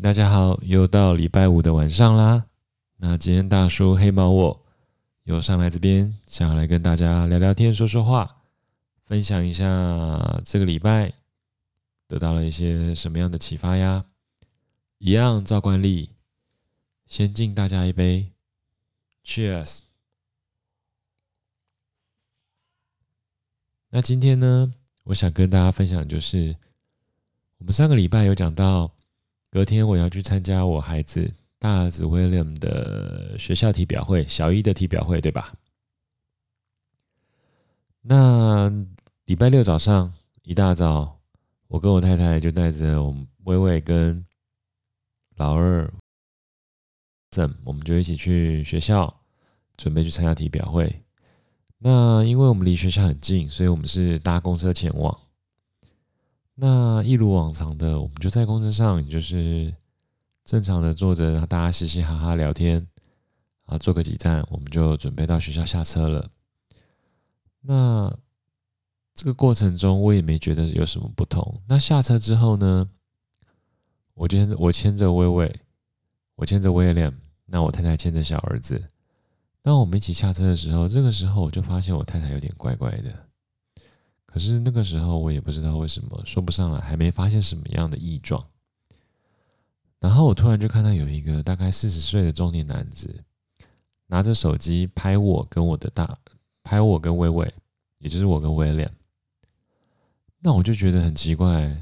大家好，又到禮拜五的晚上啦。那今天大叔黑毛我又上來這邊，想要來跟大家聊聊天、說說話，分享一下這個禮拜得到了一些什麼樣的啟發呀？一樣照慣例，先敬大家一杯，Cheers。那今天呢，我想跟大家分享就是，我們上個禮拜有講到。昨天我要去參加我孩子大兒子 William 的學校體表會，小一的體表會，對吧？那禮拜六早上一大早，我跟我太太就帶着我們薇薇跟老二 Sam 我們就一起去學校，準備去參加體表會。那因為我們離學校很近，所以我們是搭公車前往。那一如往常的，我們就在公車上，也就是正常的坐着，讓大家嘻嘻哈哈聊天啊，坐個幾站，我們就準備到學校下車了。那這個過程中，我也沒覺得有什麼不同。那下車之後呢，我牽着我牽着薇薇，我牽着威廉，我，那我太太牽着小兒子。當我們一起下車的時候，這個時候我就發現我太太有點怪怪的。可是那個時候，我也不知道為什麼，說不上來，還沒發現什麼樣的異狀。然後我突然就看到有一個大概四十歲的中年男子，拿着手機拍我跟我的大，拍我跟薇薇，也就是我跟威廉。那我就覺得很奇怪，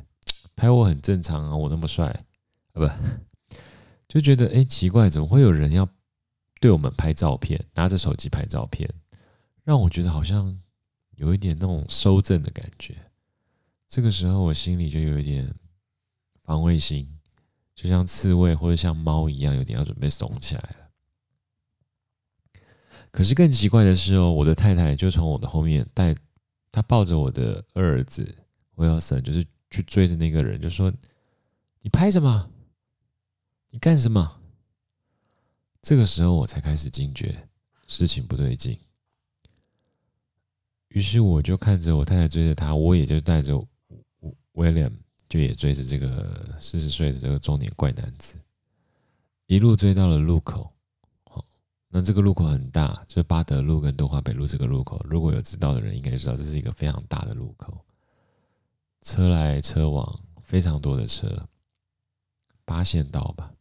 拍我很正常啊，我那麼帥啊，不，就覺得誒、欸、奇怪，怎麼會有人要對我們拍照片？拿着手機拍照片，讓我覺得好像。有一點那種收震的感覺，這個時候我心裡就有一點防衛心，就像刺蝟或者像貓一樣，有點要準備慫起來了。可是更奇怪的是哦，我的太太就從我的後面帶她抱着我的二兒子威爾森，就是去追着那個人，就說：“你拍什麼？你幹什麼？”這個時候我才開始驚覺事情不對勁。於是我就看着我太太追着他，我也就帶着威廉，就也追着這個四十歲的這個中年怪男子，一路追到了路口。那這個路口很大，就八德路跟敦化北路這個路口，如果有知道的人應該就知道，這是一個非常大的路口，車來車往，非常多的車，八線道吧。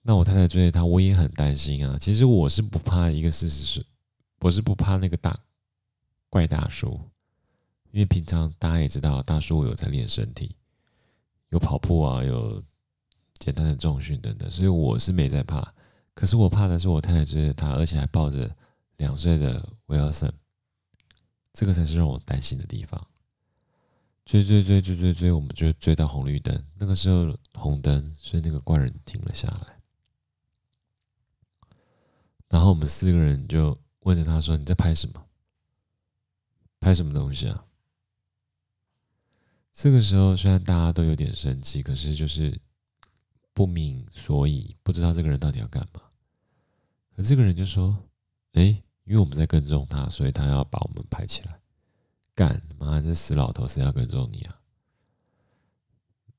那我太太追着他，我也很擔心啊。其實我是不怕一個四十歲，我是不怕那個大。怪大叔，因為平常大家也知道，大叔我有在練身體，有跑步啊，有簡單的重訓等等，所以我是沒在怕。可是我怕的是我太太追着他，而且還抱着兩歲的威爾森，這個才是讓我擔心的地方。追追追追追追，我們就追到紅綠燈，那個時候紅燈，所以那個怪人停了下來。然後我們四個人就問着他說：“你在拍什麼？”拍什麼東西啊？這個時候雖然大家都有點生氣，可是就是不明所以，不知道這個人到底要幹嘛。可這個人就說：“誒、欸，因為我們在跟蹤他，所以他要把我們拍起來。”幹媽，這死老頭，誰要跟蹤你啊？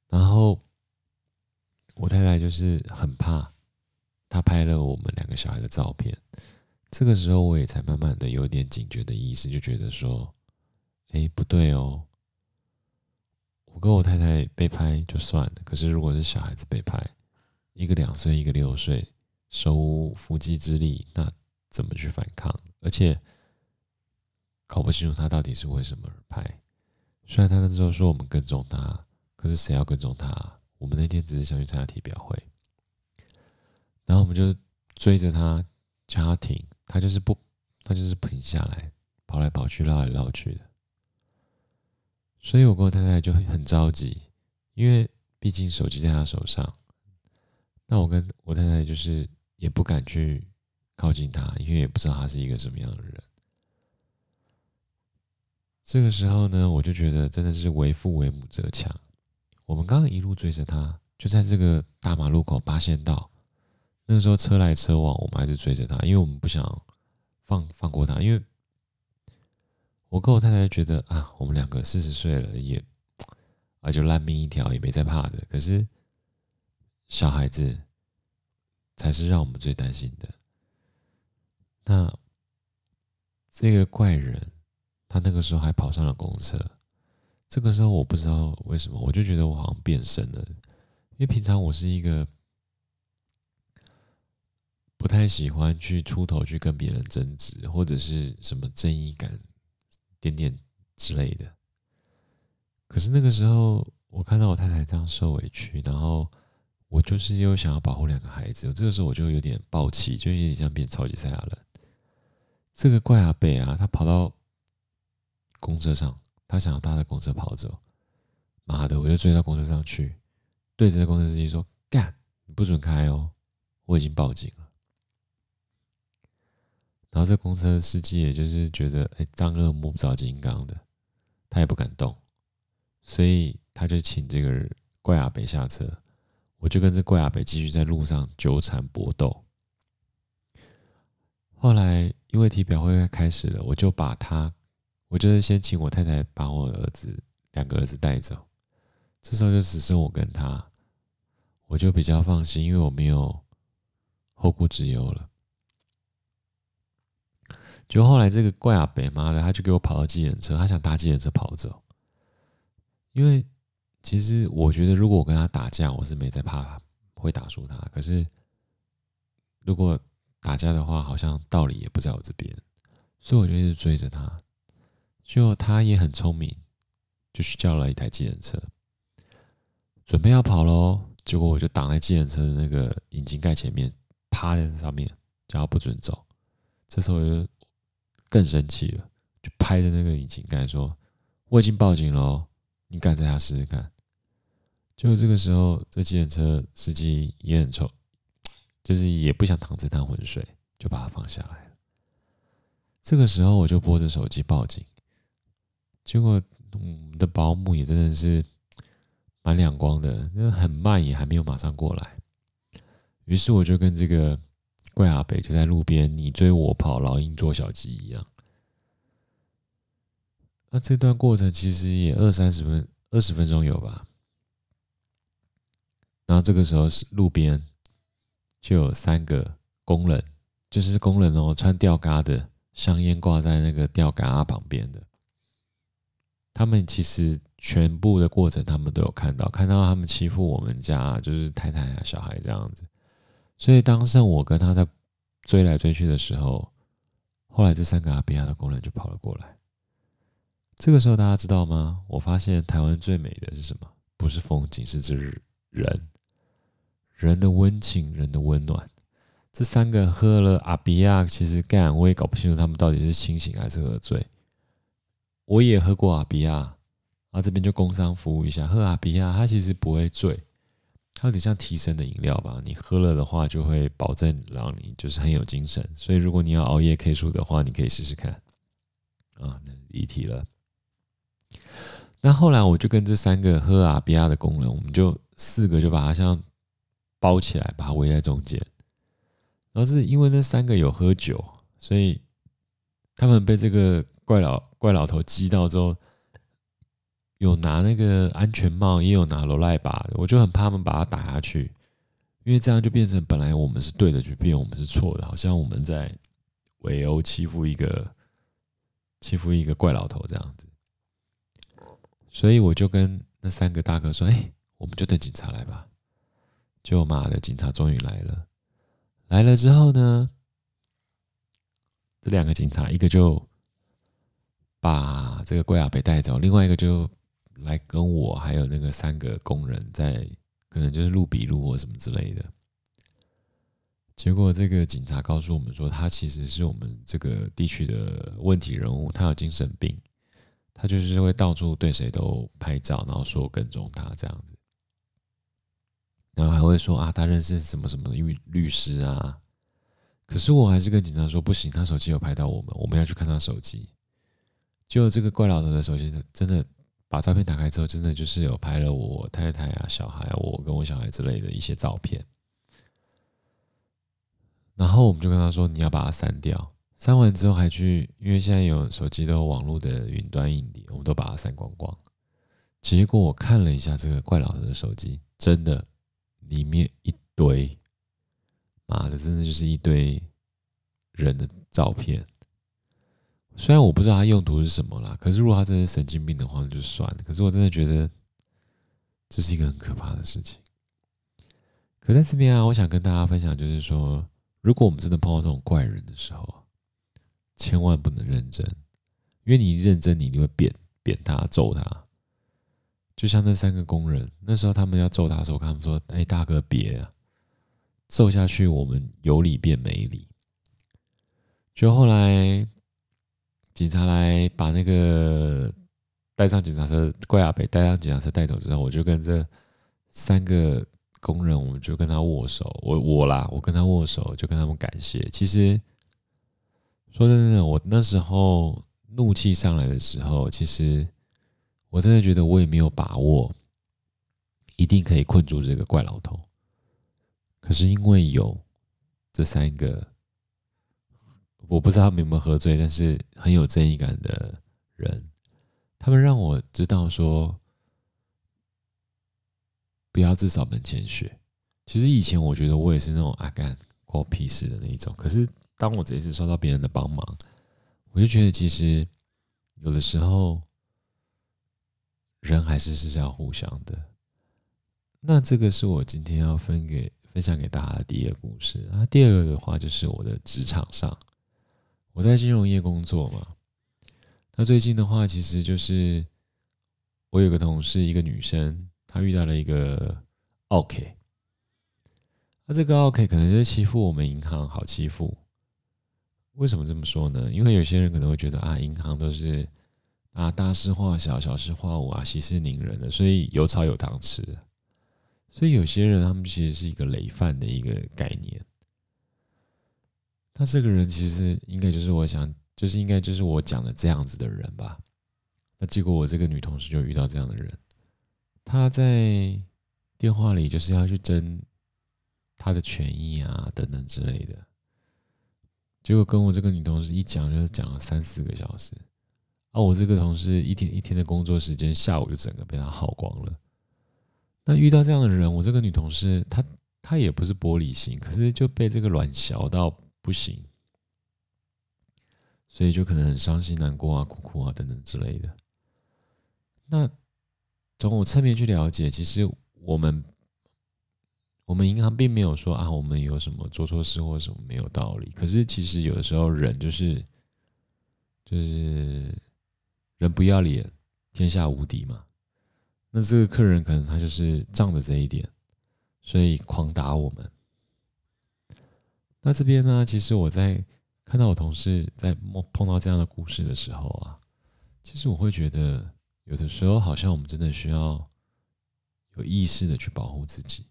然後我太太就是很怕，他拍了我們兩個小孩的照片。這個時候，我也才慢慢的有點警覺的意識，就覺得說。哎、欸，不對哦！我跟我太太被拍就算了，可是如果是小孩子被拍，一個兩歲，一個六歲，手無縛雞之力，那怎麼去反抗？而且搞不清楚他到底是為什麼而拍。雖然他那時候說我們跟蹤他，可是誰要跟蹤他？我們那天只是想去參加體表會，然後我們就追着他，叫他停，他就是不，他就是不停下來，跑來跑去，繞來繞去的。所以，我跟我太太就很着急，因為畢竟手機在他手上。那我跟我太太就是也不敢去靠近他，因為也不知道他是一個什麼樣的人。這個時候呢，我就覺得真的是為父為母則強。我們剛剛一路追着他，就在這個大馬路口八線道。那個時候車來車往，我們還是追着他，因為我們不想放放過他，因為。我跟我太太覺得啊，我們兩個四十歲了也啊，就爛命一條也沒在怕的。可是小孩子才是讓我們最擔心的。那這個怪人，他那個時候還跑上了公廁，這個時候我不知道為什麼，我就覺得我好像變身了，因為平常我是一個不太喜歡去出頭去跟別人爭執，或者是什麼正義感。點點之類的，可是那個時候，我看到我太太這樣受委屈，然後我就是又想要保護兩個孩子，這個時候我就有點爆氣，就有點像變超級賽亞人。這個怪阿北啊，他跑到公車上，他想要搭着公車跑走，媽的，我就追到公車上去，對着那公車司機說：“幹，你不准開哦，我已經報警了。”然後這公司的司機也就是覺得，哎，丈二摸不着金剛的，他也不敢動，所以他就請這個怪阿北下車。我就跟這怪阿北繼續在路上糾纏搏鬥。後來因為體表會開始了，我就把他，我就是先請我太太把我的兒子兩個兒子帶走。這時候就只剩我跟他，我就比較放心，因為我沒有後顧之憂了。就後來這個怪阿北媽的，他就給我跑到計程車，他想搭計程車跑走。因為其實我覺得，如果我跟他打架，我是沒在怕會打輸他。可是如果打架的話，好像道理也不在我這邊，所以我就一直追着他。結果他也很聰明，就去叫了一台計程車，準備要跑嘍。結果我就擋在計程車的那個引擎蓋前面，趴在這上面叫他不准走。這時候我就。更生氣了，就拍着那個引擎蓋說：“我已經報警了哦，你敢再他試試看！”就這個時候，這計程車司機也很臭，就是也不想淌這趟渾水，就把他放下來了。這個時候，我就撥着手機報警。結果，我們的保姆也真的是蠻兩光的，因為很慢，也還沒有馬上過來。於是，我就跟這個。怪阿北就在路邊，你追我跑，老鷹捉小雞一樣。那這段過程其實也二三十分二十分鐘有吧？然後這個時候是路邊就有三個工人，就是工人哦，穿吊嘎的，香煙掛在那個吊嘎旁邊的。他們其實全部的過程，他們都有看到，看到他們欺負我們家，就是太太啊、小孩這樣子。所以，當時我跟他在追來追去的時候，後來這三個阿比亞的工人就跑了過來。這個時候，大家知道嗎？我發現台灣最美的是什麼？不是風景，是這人，人的溫情，人的溫暖。這三個喝了阿比亞，其實幹，我也搞不清楚他們到底是清醒還是喝醉。我也喝過阿比亞，啊，這邊就工商服務一下，喝阿比亞，他其實不會醉。它有點像提神的飲料吧，你喝了的話就會保證讓你就是很有精神。所以如果你要熬夜 K 書的話，你可以試試看。啊，那離題了。那後來我就跟這三個喝阿比亞的工人，我們就四個就把它像包起來，把它圍在中間。然後是因為那三個有喝酒，所以他們被這個怪老怪老頭擊到之後。有拿那個安全帽，也有拿羅賴吧，我就很怕他們把他打下去，因為這樣就變成本來我們是對的，就變我們是錯的，好像我們在圍毆欺負一個欺負一個怪老頭這樣子，所以我就跟那三個大哥說：“哎、欸，我們就等警察來吧。就”就媽的警察終於來了，來了之後呢，這兩個警察一個就把這個怪阿北帶走，另外一個就。來跟我還有那個三個工人在，可能就是錄筆錄或什麼之類的。結果這個警察告訴我們說，他其實是我們這個地區的問題人物，他有精神病，他就是會到處對誰都拍照，然後說跟蹤他這樣子，然後還會說啊，他認識什麼什麼，因為律師啊。可是我還是跟警察說不行，他手機有拍到我們，我們要去看他手機。就這個怪老頭的手機，真的。把照片打開之後，真的就是有拍了我，我太太啊、小孩啊、我跟我小孩之類的一些照片。然後我們就跟他說：“你要把它刪掉。”刪完之後，還去，因為現在有手機都有網絡的雲端硬碟，我們都把它刪光光。結果我看了一下這個怪老頭的手機，真的裡面一堆，啊、媽的，真的就是一堆人的照片。雖然我不知道他用途是什麼啦，可是如果他真是神經病的話，那就算了。可是我真的覺得這是一個很可怕的事情。可在這邊啊，我想跟大家分享，就是說，如果我們真的碰到這種怪人的時候，千萬不能認真，因為你一認真，你你會扁扁他、揍他。就像那三個工人那時候，他們要揍他的時候，我跟他們說：“哎、欸，大哥別啊，揍下去我們有理變沒理。”就後來。警察來把那個帶上警察車，怪阿北帶上警察車帶走之後，我就跟這三個工人，我們就跟他握手。我我啦，我跟他握手，就跟他們感謝。其實說真的，我那時候怒氣上來的時候，其實我真的覺得我也沒有把握，一定可以困住這個怪老頭。可是因為有這三個。我不知道他們有沒有喝醉，但是很有正義感的人，他們讓我知道說，不要自掃門前雪。其實以前我覺得我也是那種阿干光屁事的那一種，可是當我這一次受到別人的幫忙，我就覺得其實有的時候人還是是要互相的。那這個是我今天要分給分享給大家的第一個故事啊。那第二個的話就是我的職場上。我在金融業工作嘛，那最近的話，其實就是我有個同事，一個女生，她遇到了一個奧客，那、啊、這個奧客可能就是欺負我們銀行好欺負，為什麼這麼說呢？因為有些人可能會覺得啊，銀行都是啊大事化小，小事化無啊，息事寧人的，所以有吵有糖吃，所以有些人他們其實是一個累犯的一個概念。那這個人其實應該就是我想，就是應該就是我講的這樣子的人吧？那結果我這個女同事就遇到這樣的人，他在電話裡就是要去爭他的權益啊，等等之類的。結果跟我這個女同事一講，就講了三四個小時。啊，我這個同事一天一天的工作時間，下午就整個被他耗光了。那遇到這樣的人，我這個女同事她她也不是玻璃心，可是就被這個卵削到。不行，所以就可能很傷心、難過啊、哭哭啊等等之類的。那從我側面去了解，其實我們我們銀行並沒有說啊，我們有什麼做錯事或者什麼沒有道理。可是其實有的時候人就是就是人不要臉，天下無敵嘛。那這個客人可能他就是仗着這一點，所以狂打我們。那這邊呢，其實我在看到我同事在碰碰到這樣的故事的時候啊，其實我會覺得，有的時候好像我們真的需要有意識的去保護自己，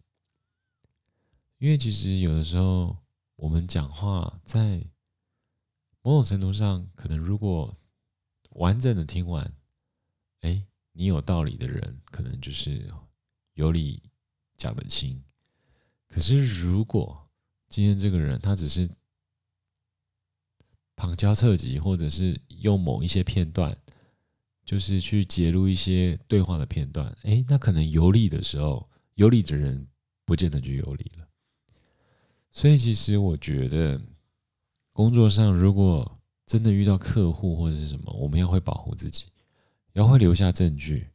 因為其實有的時候我們講話在某種程度上，可能如果完整的聽完，誒、欸，你有道理的人，可能就是有理講得清，可是如果。今天這個人，他只是旁敲側擊，或者是用某一些片段，就是去揭露一些對話的片段、欸。哎，那可能有理的時候，有理的人不見得就有理了。所以，其實我覺得，工作上如果真的遇到客戶或者是什麼，我們要會保護自己，要會留下證據。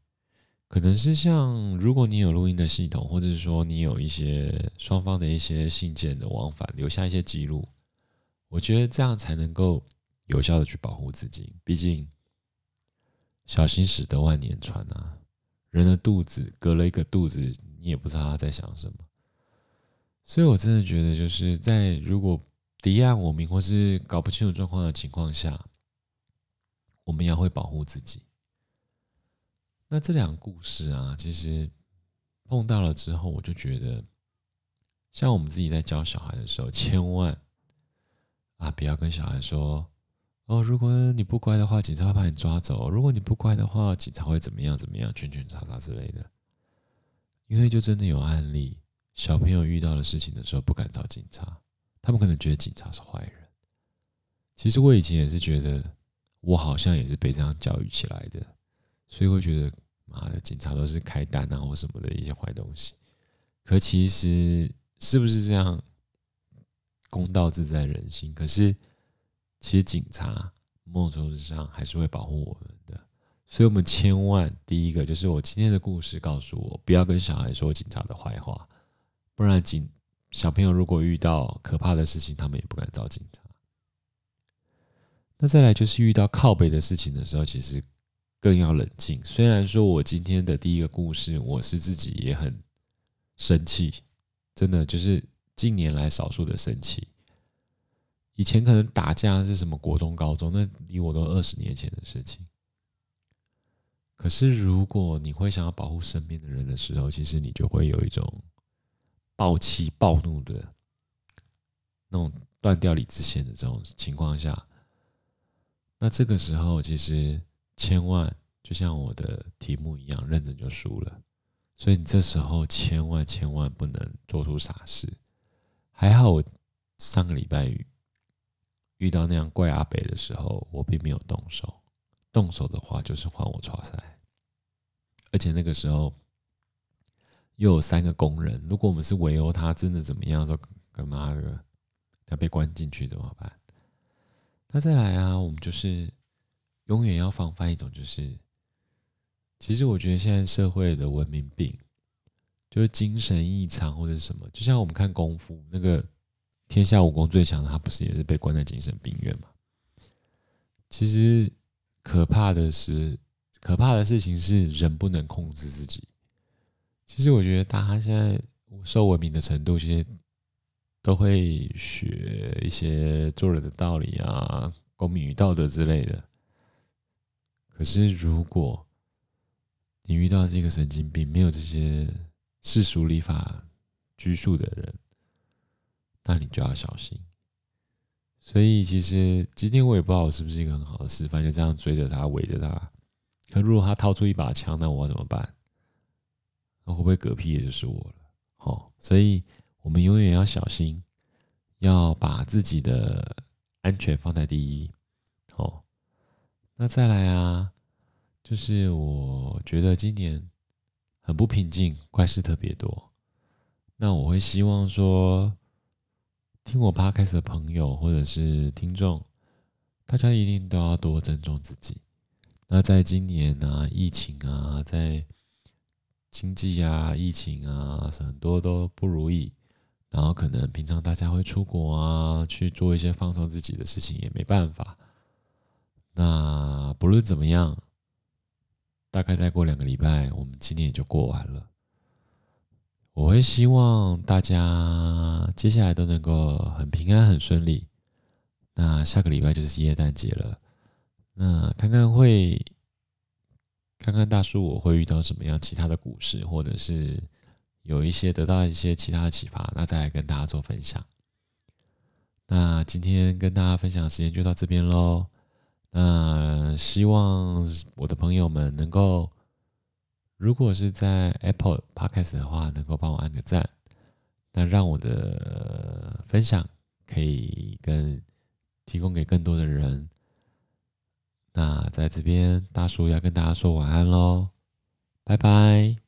可能是像，如果你有錄音的系統，或者是說你有一些雙方的一些信件的往返，留下一些記錄，我覺得這樣才能夠有效的去保護自己。畢竟，小心駛得萬年船啊！人的肚子隔了一個肚子，你也不知道他在想什麼。所以，我真的覺得就是在如果敵暗我明或是搞不清楚狀況的情況下，我們也要會保護自己。那這兩個故事啊，其實碰到了之後，我就覺得，像我們自己在教小孩的時候，千萬啊，不要跟小孩說哦，如果你不乖的話，警察會把你抓走；如果你不乖的話，警察會怎麼樣怎麼樣，圈圈叉叉之類的。因為就真的有案例，小朋友遇到了事情的時候不敢找警察，他們可能覺得警察是壞人。其實我以前也是覺得，我好像也是被這樣教育起來的，所以我覺得。啊，警察都是開單啊，或什麼的一些壞東西。可，其實是不是這樣？公道自在人心。可是，其實警察某種程度上還是會保護我們的。所以，我們千萬第一個就是，我今天的故事告訴我，不要跟小孩說警察的壞話，不然警，小朋友如果遇到可怕的事情，他們也不敢找警察。那再來就是遇到靠北的事情的時候，其實。更要冷靜。雖然說，我今天的第一個故事，我是自己也很生氣，真的就是近年來少數的生氣。以前可能打架是什麼國中、高中，那離我都二十年前的事情。可是，如果你會想要保護身邊的人的時候，其實你就會有一種暴氣、暴怒的那種斷掉理智線的這種情況下，那這個時候其實。千萬就像我的題目一樣，認真就輸了。所以你這時候千萬千萬不能做出傻事。還好我上個禮拜遇到那樣怪阿北的時候，我並沒有動手。動手的話就是換我出賽。而且那個時候又有三個工人，如果我們是圍毆他，真的怎麼樣？說他媽的，他被關進去怎麼辦？那再來啊，我們就是。永遠要防範一種，就是其實我覺得現在社會的文明病，就是精神異常或者什麼。就像我們看功夫，那個天下武功最強的，他不是也是被關在精神病院嗎？其實可怕的是，可怕的事情是人不能控制自己。其實我覺得大家現在受文明的程度，其實都會學一些做人的道理啊，公民與道德之類的。可是，如果你遇到是一個神經病，沒有這些世俗禮法拘束的人，那你就要小心。所以，其實今天我也不知道我是不是一個很好的示範，就這樣追着他，圍着他。可如果他掏出一把槍，那我怎麼辦？那會不會嗝屁也就是我了？好、哦，所以我們永遠要小心，要把自己的安全放在第一。哦。那再來啊，就是我覺得今年很不平靜，怪事特別多。那我會希望說，聽我 podcast 的朋友或者是聽眾，大家一定都要多尊重自己。那在今年啊，疫情啊，在經濟啊，疫情啊，很多都不如意。然後可能平常大家會出國啊，去做一些放鬆自己的事情，也沒辦法。那不論怎麼樣，大概再過兩個禮拜，我們今年也就過完了。我會希望大家接下來都能夠很平安、很順利。那下個禮拜就是耶誕節了。那看看會，看看大叔我會遇到什麼樣其他的故事，或者是有一些得到一些其他的啟發，那再來跟大家做分享。那今天跟大家分享的時間就到這邊嘍。那希望我的朋友們能夠，如果是在 Apple Podcast 的話，能夠幫我按個讚，那讓我的分享可以跟提供給更多的人。那在這邊，大叔要跟大家說晚安嘍，拜拜。